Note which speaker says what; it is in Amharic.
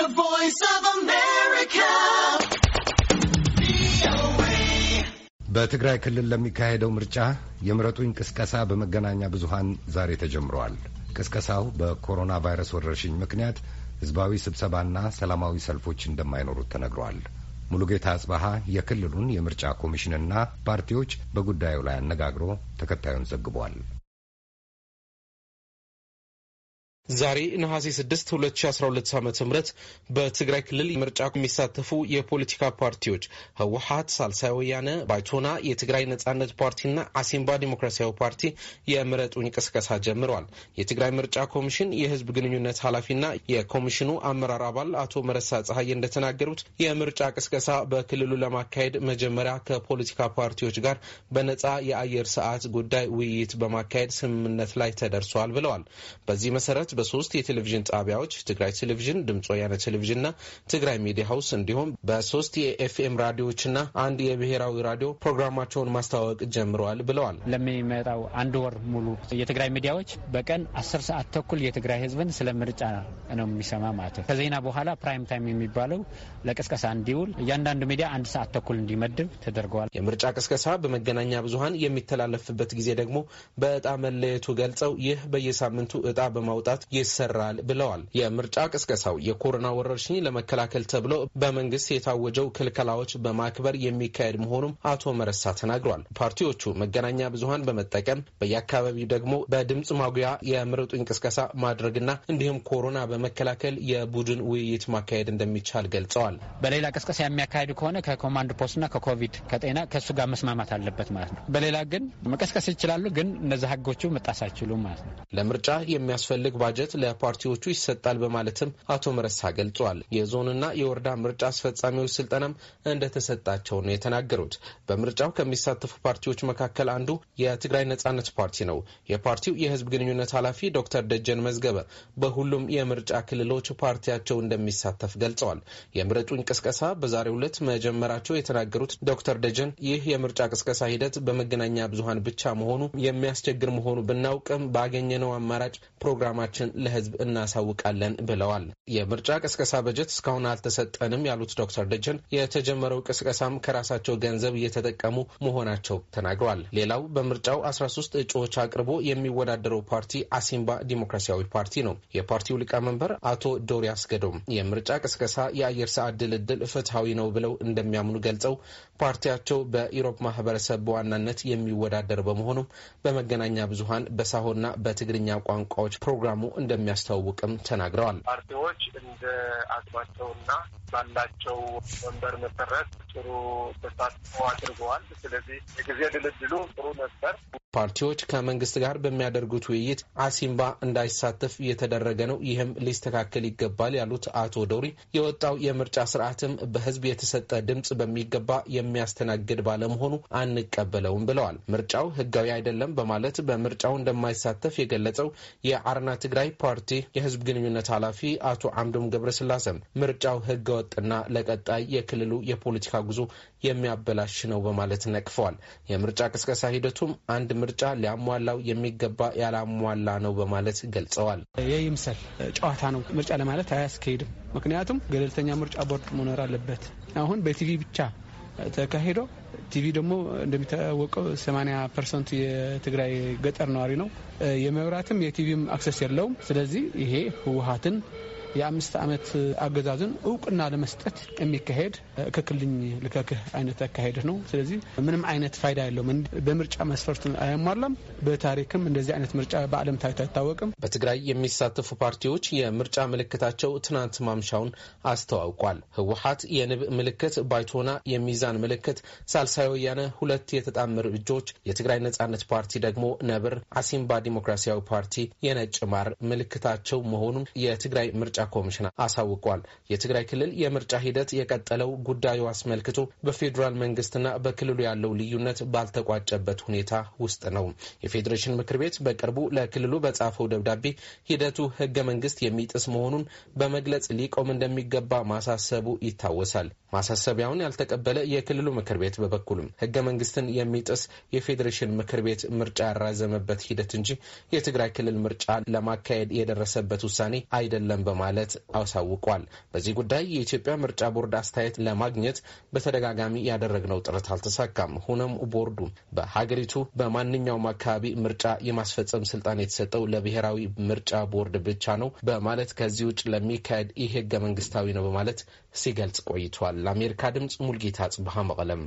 Speaker 1: The Voice of America. በትግራይ ክልል ለሚካሄደው ምርጫ የምረጡኝ ቅስቀሳ በመገናኛ ብዙሃን ዛሬ ተጀምሯል። ቅስቀሳው በኮሮና ቫይረስ ወረርሽኝ ምክንያት ህዝባዊ ስብሰባና ሰላማዊ ሰልፎች እንደማይኖሩት ተነግሯል። ሙሉጌታ አጽባሃ የክልሉን የምርጫ ኮሚሽንና ፓርቲዎች በጉዳዩ ላይ አነጋግሮ ተከታዩን ዘግቧል። ዛሬ ነሐሴ 6 2012 ዓ ም በትግራይ ክልል ምርጫ የሚሳተፉ የፖለቲካ ፓርቲዎች ህወሀት፣ ሳልሳይ ወያነ፣ ባይቶና፣ የትግራይ ነጻነት ፓርቲና አሲምባ ዲሞክራሲያዊ ፓርቲ የምረጡኝ ቅስቀሳ ጀምረዋል። የትግራይ ምርጫ ኮሚሽን የህዝብ ግንኙነት ኃላፊና የኮሚሽኑ አመራር አባል አቶ መረሳ ፀሐይ እንደተናገሩት የምርጫ ቅስቀሳ በክልሉ ለማካሄድ መጀመሪያ ከፖለቲካ ፓርቲዎች ጋር በነጻ የአየር ሰዓት ጉዳይ ውይይት በማካሄድ ስምምነት ላይ ተደርሷል ብለዋል። በዚህ መሰረት በሶስት የቴሌቪዥን ጣቢያዎች ትግራይ ቴሌቪዥን፣ ድምፅ ወያነ ና ትግራይ ሚዲያ ሀውስ እንዲሁም በሶስት የኤፍኤም ራዲዮዎችና አንድ የብሔራዊ ራዲዮ ፕሮግራማቸውን ማስተዋወቅ ጀምረዋል ብለዋል። ለሚመጣው አንድ ወር ሙሉ የትግራይ ሚዲያዎች በቀን አስር ሰዓት ተኩል የትግራይ ህዝብን ስለ ምርጫ ነው የሚሰማ ማለት ነው። ከዜና በኋላ ፕራይም ታይም የሚባለው ለቅስቀሳ እንዲውል እያንዳንዱ ሚዲያ አንድ ሰዓት ተኩል እንዲመድብ ተደርገዋል። የምርጫ ቅስቀሳ በመገናኛ ብዙሀን የሚተላለፍበት ጊዜ ደግሞ በእጣ መለየቱ ገልጸው ይህ በየሳምንቱ እጣ በማውጣት ይሰራል ብለዋል። የምርጫ ቅስቀሳው የኮሮና ወረርሽኝ ለመከላከል ተብሎ በመንግስት የታወጀው ክልከላዎች በማክበር የሚካሄድ መሆኑም አቶ መረሳ ተናግሯል። ፓርቲዎቹ መገናኛ ብዙሀን በመጠቀም በየአካባቢው ደግሞ በድምፅ ማጉያ የምረጡኝ ቅስቀሳ ማድረግና እንዲሁም ኮሮና በመከላከል የቡድን ውይይት ማካሄድ እንደሚቻል ገልጸዋል። በሌላ ቅስቀሳ የሚያካሄዱ ከሆነ ከኮማንድ ፖስትና ከኮቪድ ከጤና ከእሱ ጋር መስማማት አለበት ማለት ነው። በሌላ ግን መቀስቀስ ይችላሉ፣ ግን እነዚ ህጎቹ መጣስ አይችሉም ማለት ነው። ለምርጫ የሚያስፈልግ ባጀት ለፓርቲዎቹ ይሰጣል በማለትም አቶ መረሳ ገልጿል። የዞንና የወረዳ ምርጫ አስፈጻሚዎች ስልጠናም እንደተሰጣቸው ነው የተናገሩት። በምርጫው ከሚሳተፉ ፓርቲዎች መካከል አንዱ የትግራይ ነጻነት ፓርቲ ነው። የፓርቲው የህዝብ ግንኙነት ኃላፊ ዶክተር ደጀን መዝገበ በሁሉም የምርጫ ክልሎች ፓርቲያቸው እንደሚሳተፍ ገልጸዋል። የምረጡኝ ቅስቀሳ በዛሬው ዕለት መጀመራቸው የተናገሩት ዶክተር ደጀን ይህ የምርጫ ቅስቀሳ ሂደት በመገናኛ ብዙሀን ብቻ መሆኑ የሚያስቸግር መሆኑ ብናውቅም ባገኘነው አማራጭ ፕሮግራማቸው መሆናችን ለህዝብ እናሳውቃለን ብለዋል። የምርጫ ቅስቀሳ በጀት እስካሁን አልተሰጠንም ያሉት ዶክተር ደጀን የተጀመረው ቅስቀሳም ከራሳቸው ገንዘብ እየተጠቀሙ መሆናቸው ተናግረዋል። ሌላው በምርጫው 13 እጩዎች አቅርቦ የሚወዳደረው ፓርቲ አሲምባ ዲሞክራሲያዊ ፓርቲ ነው። የፓርቲው ሊቀመንበር አቶ ዶሪያስ ገዶም የምርጫ ቅስቀሳ የአየር ሰዓት ድልድል ፍትሐዊ ነው ብለው እንደሚያምኑ ገልጸው ፓርቲያቸው በኢሮብ ማህበረሰብ በዋናነት የሚወዳደር በመሆኑም በመገናኛ ብዙሀን በሳሆና በትግርኛ ቋንቋዎች ፕሮግራሙ እንደሚያስተዋውቅም ተናግረዋል። ፓርቲዎች እንደ አቅማቸውና ባላቸው ወንበር መሰረት ጥሩ ተሳትፎ አድርገዋል። ስለዚህ የጊዜ ድልድሉ ጥሩ ነበር። ፓርቲዎች ከመንግስት ጋር በሚያደርጉት ውይይት አሲምባ እንዳይሳተፍ እየተደረገ ነው። ይህም ሊስተካከል ይገባል ያሉት አቶ ዶሪ የወጣው የምርጫ ስርዓትም በህዝብ የተሰጠ ድምፅ በሚገባ የሚያስተናግድ ባለመሆኑ አንቀበለውም ብለዋል። ምርጫው ህጋዊ አይደለም በማለት በምርጫው እንደማይሳተፍ የገለጸው የአረና ትግራይ ፓርቲ የህዝብ ግንኙነት ኃላፊ አቶ አምዶም ገብረስላሴም ምርጫው ህገ ህገወጥና ለቀጣይ የክልሉ የፖለቲካ ጉዞ የሚያበላሽ ነው በማለት ነቅፈዋል። የምርጫ ቅስቀሳ ሂደቱም አንድ ምርጫ ሊያሟላው የሚገባ ያላሟላ ነው በማለት ገልጸዋል። ይህ ይምሰል ጨዋታ ነው ምርጫ ለማለት አያስኬድም። ምክንያቱም ገለልተኛ ምርጫ ቦርድ መኖር አለበት። አሁን በቲቪ ብቻ ተካሂዶ ቲቪ ደግሞ እንደሚታወቀው 80 ፐርሰንት የትግራይ ገጠር ነዋሪ ነው። የመብራትም የቲቪም አክሰስ የለውም። ስለዚህ ይሄ ህወሀትን የአምስት ዓመት አገዛዝን እውቅና ለመስጠት የሚካሄድ እከክልኝ ልከክህ አይነት አካሄድ ነው። ስለዚህ ምንም አይነት ፋይዳ የለውም። በምርጫ መስፈርት አያሟላም። በታሪክም እንደዚህ አይነት ምርጫ በዓለም ታይቶ አይታወቅም። በትግራይ የሚሳተፉ ፓርቲዎች የምርጫ ምልክታቸው ትናንት ማምሻውን አስተዋውቋል። ህወሀት የንብ ምልክት፣ ባይቶና የሚዛን ምልክት፣ ሳልሳይ ወያነ ሁለት የተጣምር እጆች፣ የትግራይ ነጻነት ፓርቲ ደግሞ ነብር፣ አሲምባ ዲሞክራሲያዊ ፓርቲ የነጭ ማር ምልክታቸው መሆኑን የትግራይ ምርጫ ኮሚሽን አሳውቋል። የትግራይ ክልል የምርጫ ሂደት የቀጠለው ጉዳዩ አስመልክቶ በፌዴራል መንግስትና በክልሉ ያለው ልዩነት ባልተቋጨበት ሁኔታ ውስጥ ነው። የፌዴሬሽን ምክር ቤት በቅርቡ ለክልሉ በጻፈው ደብዳቤ ሂደቱ ህገ መንግስት የሚጥስ መሆኑን በመግለጽ ሊቆም እንደሚገባ ማሳሰቡ ይታወሳል። ማሳሰቢያውን ያልተቀበለ የክልሉ ምክር ቤት በበኩልም ህገ መንግስትን የሚጥስ የፌዴሬሽን ምክር ቤት ምርጫ ያራዘመበት ሂደት እንጂ የትግራይ ክልል ምርጫ ለማካሄድ የደረሰበት ውሳኔ አይደለም በማለት በማለት አሳውቋል። በዚህ ጉዳይ የኢትዮጵያ ምርጫ ቦርድ አስተያየት ለማግኘት በተደጋጋሚ ያደረግነው ጥረት አልተሳካም። ሆኖም ቦርዱ በሀገሪቱ በማንኛውም አካባቢ ምርጫ የማስፈጸም ስልጣን የተሰጠው ለብሔራዊ ምርጫ ቦርድ ብቻ ነው በማለት ከዚህ ውጭ ለሚካሄድ ይህ ህገ መንግስታዊ ነው በማለት ሲገልጽ ቆይቷል። ለአሜሪካ ድምፅ ሙልጌታ ጽብሃ መቀለም